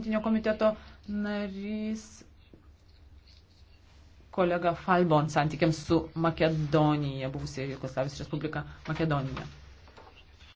Antinio komiteto narys kolega Falbon santykiams su Makedonija, buvusia Jugoslavijos Respublika Makedonija.